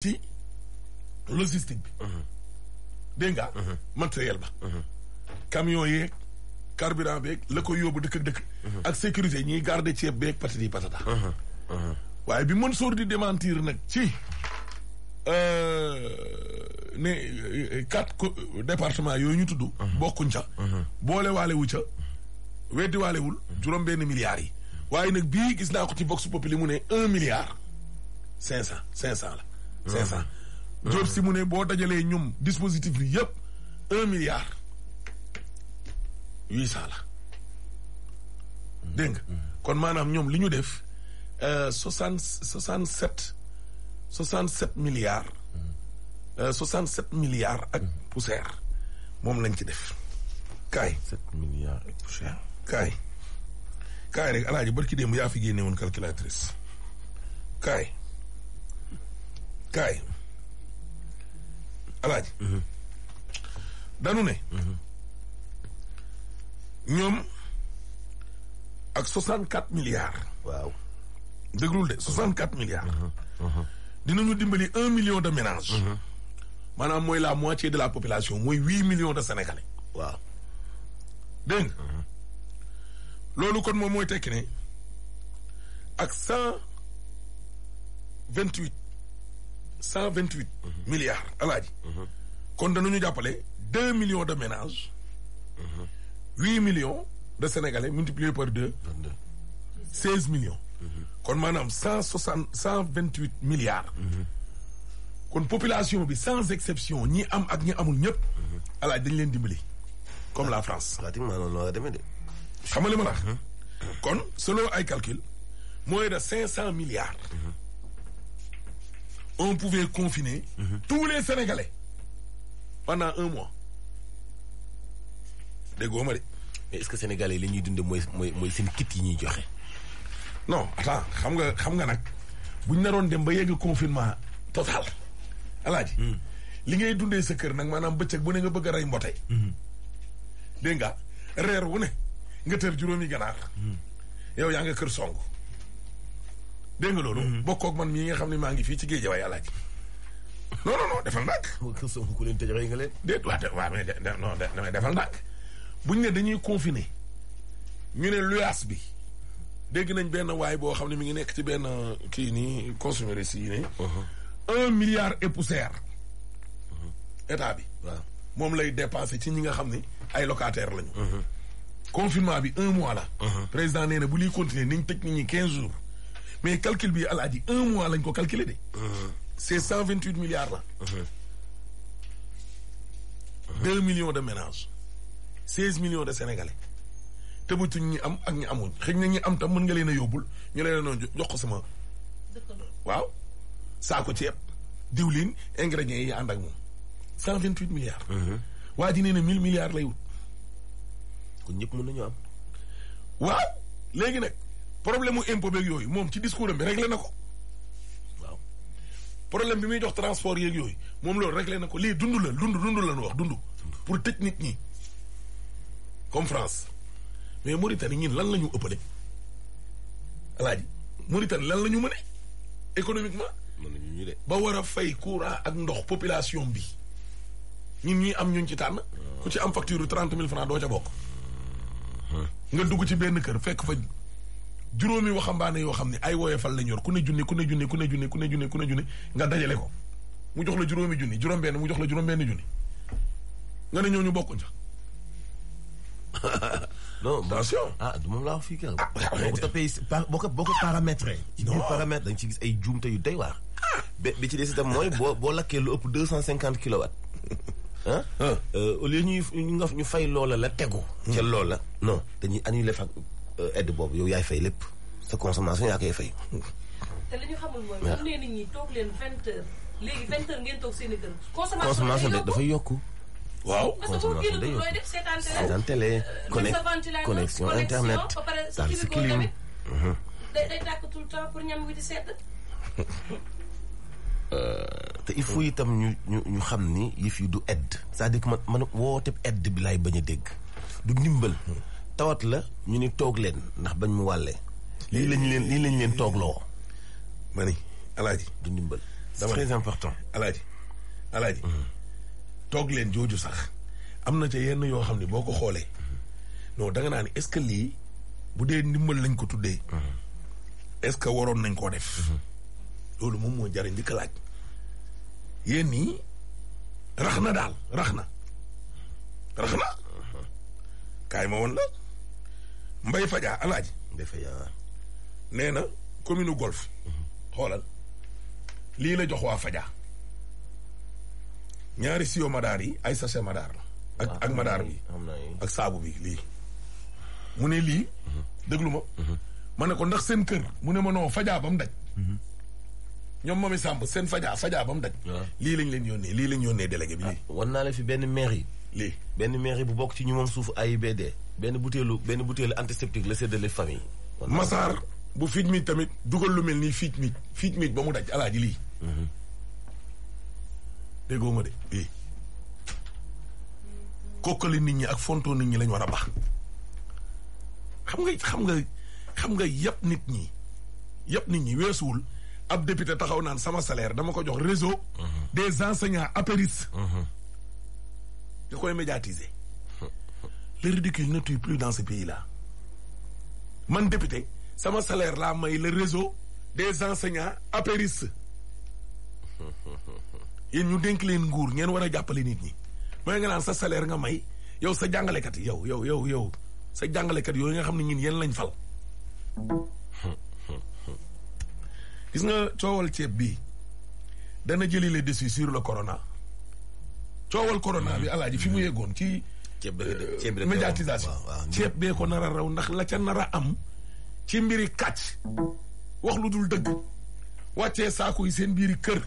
ci logistique bi. Mhm. dégg nga. Mhm. matériel ba. Mhm. camion yeeg carburant beeg la koy yóbbu dëkk ak dëkk. ak sécurité ñiy garder ceeb beeg patati patata. waaye bi Mansour di démentir nag ci euh, ne euh, quatre départements yooyu ñu tudd. bokkuñ ca. boole waale ca. weddi waalewul juróom benn milliards yi. waaye nag bii gis naa ko ci bokk su Vox li mu ne un milliard cinq cent cinq cent la. cinq cent Diop si mu ne boo dajalee ñoom dispositif bi yëpp un milliard huit cent la dégg nga kon maanaam ñoom li ñu def euh, soixante soixante sept soixante sept milliards euh, soixante sept milliards ak poussière moom lañ ci def kaay sept milliards ak poussière kaay kaay rek alaaji barki démb yaa fi génne woon calculatrice kaay kaay alaaji mhm. danu ne mhm. ñoom ak soixante quatre milliards waaw déglul de soixante quatre milliards mhm. dinañu dimbali un million de ménages maanaam mooy la moitié de la population mooy huit millions de sénégalais waaw dégg nga loolu kon moom mooy tekki ne ak cent vingt cent vingt huit mhm. milliards alaaji mhm. kon dana danañu jàppale deux millions de ménages mhm. huit millions de sénégalais multiplié par deux seize millions kon maanaam cent soixante cent vingt huit milliards kon population bi sans exception ñi am ak ñi amul ñëpp alaaji dañ leen dimbali comme la France pratiquement noonu la demee de xam nga li ma la kon solo ay calcul mooy de cinq cent milliards on pouvait confiner mm -hmm. les Sénégalais pendant un mois déggoo ma de. est-ce que Sénégalais li ñuy dund mooy mooy mooy seen kit yi ñuy joxe. non attends xam nga xam nga nag buñ naroon dem ba yegg confinement total alaaji hmm. li ngay dundee sa kër nag maanaam bëccëg bu ne nga bëgg a rey mbotey. Hmm. dégg nga reer wu ne nga tër juróomi ganaar hmm. yow yaa nga kër song. dégg nga loolu. Mm-hmm. bokkoog man mii nga xam ne maa ngi fii ci géej waaye alaaji. non non defal ndànk. moom kër ku leen tëj rey nga leen. déet waaw waaw damay defal ndànk. buñ ne dañuy confiné ñu ne luyaas bi dégg nañ benn waay boo xam ne mi ngi nekk ci benn uh, kii nii consommateurs yi ne. Uh-huh. un milliard et poussière. Uh-huh. état bi. waa moom lay dépensé ci ñi nga xam ne ay locataires lañu. Uh-huh. confinement bi un mois la. président nee na bu liy continuer niñ tëj nit ñi quinze jours. mais calcul bi alaaji un mois lañ ko calculer de. c'est cent vingt huit milliards là. deux millions de ménages seize millions de sénégalais tëbatuñ ñi am ak ñi amuñ xëy na ñi am tam mën nga leen a yóbbul ñu leen a jox ko sama. waaw saako ceeb diwlin ingrédients yi ànd ak moom cent vingt huit milliards. waa ji nee na mille milliards lay wut. kon ñëpp mën nañu am. waaw léegi nag. problème mu impôt yooyu moom ci discours am bi réglé na ko waaw problème bi muy jox transport yeeg yooyu moom loolu réglé na ko lii dundu la dund dund la ñu wax dund pour technique nit ñi comme France mais Mauritanie ñin lan la ñu ëppale alaaji Mauritanie lan la ñu mëne économiquement ba war a fay courant ak ndox population bi ñun ñuy am ñun ci tànn ku ci am facture yu mille francs doo ca bokk nga dugg ci benn kër fekk fa juróomi waxambaane yoo xam ne ay woyofal lañ yor ku ne junni ku ne junni ku ne junni ku ne junni ku ne junni nga dajale ko mu jox la juróomi junni juróom benn mu jox la juróom benn junni nga ne ñooñu bokkuñ sax non attention ah moom laa wax fii kenn ah, boo boo ko boo ko paramètre ci gis ay juumte yu doy waar ah. bi ci des itam mooy boo boo lakkee lu ëpp deux cent cinquante kilowatts ah euh, au ñu nga ñu fay loola la tegu hmm. ca loola non dañuy annuler facture aide boobu yow yaay fay lépp sa consommation yaa koy fay. te li ñu xamul mooy. waaw bu ñi toog leen vingt léegi vingt ngeen toog seen kër. consommation de dafay yokku. waaw consommation day mhm. euh, itam ñu ñu xam ni yëf du aide. c'est-à-dire que man man woote aide bi laay bañ a dégg du ndimbal. tawat la ñu ni toog leen ndax bañ mu wàllee. lii lañ leen lii lañ leen toog toogloo. ma ni alaaji du ndimbal. c'est très important mm-hmm. toog leen jooju sax am na ca yenn yoo xam ne boo ko xoolee mm-hmm. non danga naa ni est-ce que lii bu dee ndimbal lañ ko tuddee. Mm-hmm. est-ce que waroon nañ koo def. loolu moom moo jariñ di ko laaj. yéen nii rax na daal rax na rax na kaay ma woon la. Mbaye Fadia alaaji Mbaye Fadia na commune golf mhm. xoolal lii la jox waa Fadia ñaari siyo madaar yi ay sachet madaar la. ak madaar bi ak saabu bi lii. mu ne lii. Mhm. déglu ma. Mhm. ma ndax seen kër mu ne ma noo fajaa ba mu daj. ñoom moom i sàmb seen Fadia Fadia ba mu daj. lii lañ leen yónnee lii lañ yónnee délégué bi lii. Ah, war naa la fi benn maire yi. lii benn mairie bu bokk ci ñu moom suufu AIBD benn butéelu benn butéelu antiseptique la séddale famille. Massar bu fiit mi tamit dugal lu mel nii fiit mi fiit mi ba mu daj alaaji lii. Mhm. déggoo ma de lii. kokkali nit ñi ak fontoo nit ñi lañ war a baax xam nga xam nga xam nga yëpp nit ñi yëpp nit ñi weesuwul ab député taxaw naan sama salaire dama ko jox réseau. Mhm. des enseignants apéris. Mhm. da koy médiatiser le ridicule ne tue plus dans ce pays là man député sama salaire laa may le réseau des enseignants apéristes yéen ñu dénk leen nguur ngeen war a jàppale nit ñi mooy nga naan sa salaire nga may yow sa jàngalekat yi yow yow yow yow sa jàngalekat yooyu nga xam ne ñun yéen lañ fal gis nga coowal ceeb bii dana jëli le dessus sur le corona coowal corona bi alaaji fi mu yegoon ci. ceeb euh, médiatisation ceeb bee ko nar a raw ndax la ca nar a am ci mbiri kàcc wax lu dul dëgg wàcce saako yi seen biiri kër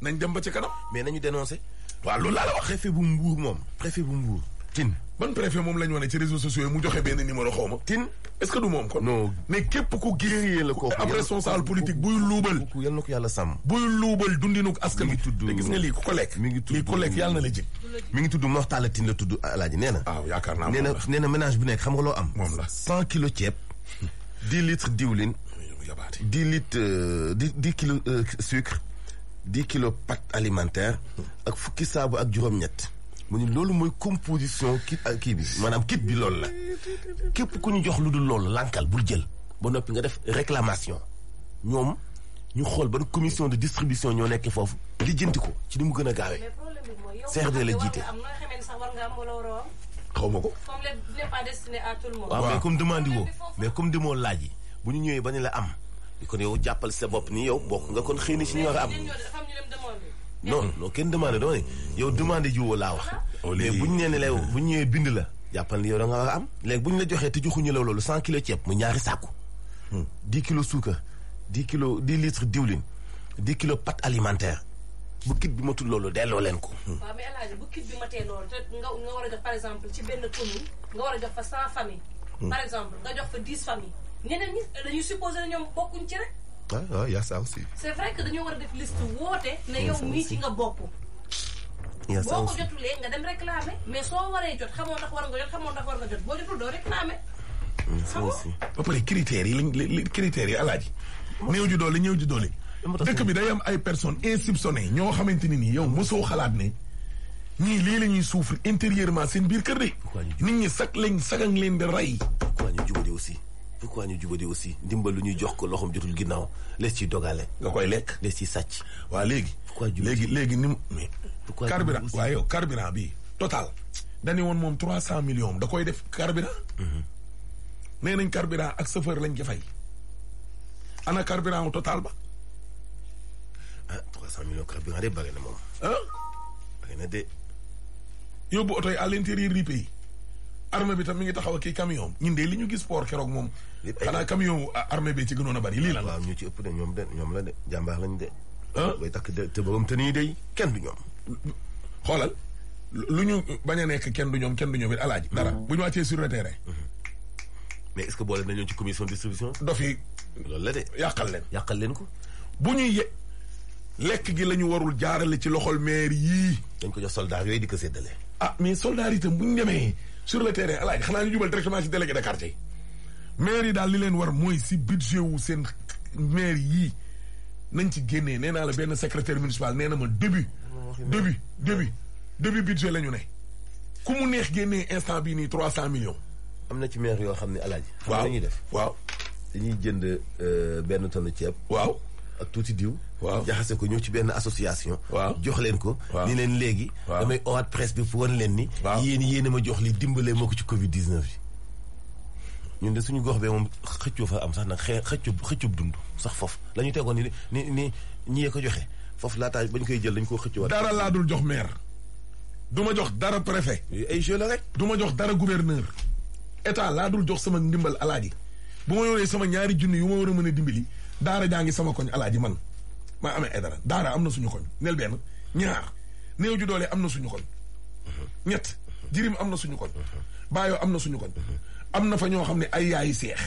nañ dem ba ci kanam mais nañu dénoncé waaw loolu laa la wax préfet bu mbuur moom préfet bu mbuur tin ban préfet moom la ñu wane ci réseaux sociaux yi mu joxe benn numéro xaw ma. tin est-ce que du moom kon. non mais képp ku gis. la ko am responsable politique buy luubal. yal na ko yàlla sàmm. buy luubal dundinu askan wi. te gis nga lii ku mi ngi tudd lii ku la jëg. mi ngi tudd Mor Talla Tine la tudd Alaaji nee na. waaw ah, yaakaar naa moom la nee na nee na ménage bu nekk xam nga loo am. moom la cent kilos ceeb. dix litres diwlin. dix litres euh, dix dix kilos euh, sucre. dix kilos pâte alimentaire. ak fukki saabu ak juróom-ñett. mu ni loolu mooy composition kit ak euh, kii bi maanaam kit bi loolu la képp ku ñu jox lu dul loolu lankal bul jël ba noppi nga def réclamation ñoom ñu xool ba ban commission de distribution ñoo nekk foofu lijjanti ko ci ni mu gën a gaawee CRD la jiite xaw ma ko waaw mais comme demande woo mais comme demoo laaj yi bu ñu ñëwee ba ñu la am di kon yow jàppal sa bopp ni yow bokk nga kon xëy na si ñu war a am non non kenn demandé doo ne yow demandé jiwoo laa wax. mais bu ñu nee ne la bu ñu ñëwee bind la. jàppal ni yow da nga am léegi bu ñu la joxee te joxuñu la loolu cent kilo ceeb mu ñaari sàkku. Hmm. dix kilo suukar dix kilo dix litres diwlin dix kilo pâte alimentaire. bu kit bi ma tudd loolu delloo leen ko. Hmm. bu kit bi ma tee loolu nga war a jox fa cent familles. Hmm. par exemple nga jox fa dix familles. ñeneen ñi dañuy supposé ñoom bokkuñ ci rek. ah waaw y' a ça aussi. c' est dañoo war a def liste woote. ne yow mii ci nga bokk. boo ko jotulee nga dem réclamer mais soo waree jot xamoo ndax war nga jot boo jotul doo réclamer. ba pare critères yi lañ critères yi alaaji. néew ju doole néew ju doole. dëkk bi day am ay personnes insoupçonnées ñoo xamante ne nii yow mosoo xalaat ne. ñii lii la ñuy souffrir intérieurement seen biir kër de. nit ñi sag lañ sagang leen di rey. aussi. quoi ñu jubadi aussi ndimbal lu ñuy jox ko loxoom jotul ginnaaw les ci dogale. nga koy lekk les ci sàcc. waa léegi. pourquoi léegi léegi ni mu. pourquoi carburant waaye yow carburant bi total. dañu woon moom trois cent millions da koy def carburant. Mhm. nee nañ carburant ak chauffeur lañ ca fay. ana carburant wu total ba. ah trois cent millions carburant de bëri na moom. ah bëri na de. yóbbu oto yi à l'intérieur armée bi tam mi ngi taxaw kii camion ñun de li ñu gis port keroog moom. xanaa camion armée bi ci gënoon a bari lii lan waaw ñu ci ëpp de ñoom de ñoom la de jàmbaar lañ de. Ah? bay takk te borom te nii de kenn du ñoom. xoolal lu ñu bañ a nekk kenn du ñoom kenn du ñoom it alaaji dara mm-hmm. bu ñu wàccee sur le terrain. Mm-hmm. mais est-ce boole nañu ci commission distribution. dof yi loolu la de yàqal leen. yàqal leen ko bu ñuy ye lekk gi la ñu warul jaarale ci loxol maire yii. dañ ko jox soldat yooyu di ko séddale. ah mais soldaar yi itam bu ñu demee. sur le terrain alaaj xanaa ñu jubal directement ci délégué de quartier maire yi daal li leen war mooy si budget wu seen maire yii nañ ci génnee nee naa la benn secretaire municipal nee na ma début début début début budget la ñu ne ku mu neex génnee instant bii nii trois cent millions am na ci maire yoo xam ne alaaj xam nañuy def waaw dañuy jënd euh, benn tonne ceeb waaw ak tuuti diw. waaw jaxase ko ñëw ci benn association. waaw jox leen ko. ni leen léegi. damay owaat presse bi fu woon leen ni. waaw yéen yéen a ma jox li dimbale moo ko ci Covid 19 bi. ñun ne suñu gox bee moom xëccoo fa am sax nag xee xëccub xëccub dund sax foofu la ñu tegoon ni ni ni ñi ko joxe foofu laataa bañ koy jël dañ koo xëccoo. dara laa dul jox meer du ma jox dara préfet. ay jeu la du ma jox dara gouverneur. état laa dul jox sama ndimbal alaaji bu ma yoree sama ñaari junni yu ma war a mën a dimbali daara jaa ngi sama koñ alaaji man maa amee ay daara am na suñu koñ neel benn ñaar néew ju doole am na suñu koñ ñett jirim am na suñu koñ baayoo am na suñu koñ am na fa ñoo xam ne ay yaayi seex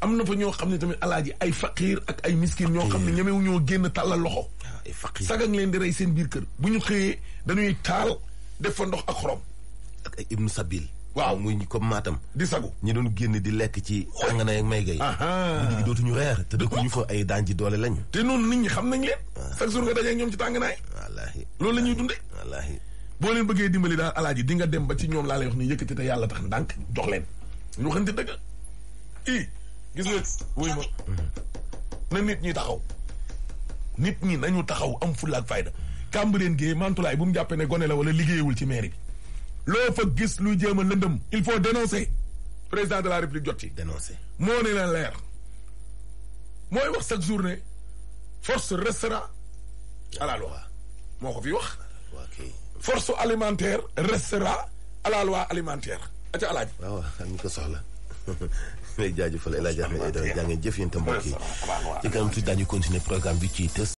am na fa ñoo xam ne tamit alaaji ay faqiir ak ay miskin ñoo xam ne ñemewu ñoo génn tàllal loxo ah, sagan leen di rey seen biir kër bu ñu xëyee dañuy taal def fa ndox ak xorom ak ay ibnu sabil waaw muy comme Matam. di sagu ñu doon génn di lekk ci àngana ak may gay guddi gi dootuñu reer te dëkkuñu fa ay daan ji doole lañu te noonu nit ñi xam nañ leen ah. chaque jour nga dajee ak ñoom ci tànganaay wallaahi loolu la dunde boo leen bëggee dimbali daal alaaji di nga dem ba ci ñoom laa lay wax ni yëkkati te yàlla tax ndànk jox leen ñu waxante dëgg i gis nga wuy ma mm-hmm. na nit ñi taxaw nit ñi nañu taxaw am fulla ak fayda kàmbareen gee mantulaay bu mu jàppee ne gone la wala liggéeyewul ci mairie bi loo fa gis luy jéem a lëndëm il faut dénoncer président de la république jot ci dénoncer moo ne leen leer mooy wax chaque journée force restera à la loi moo ko fi wax force alimentaire restera à la loi alimentaire aca alaaji waaw am ko soxla léegi jaajëfal El Hadj Ahmed Aidara jaa ngeen jëf yéen yi ci programme bi ci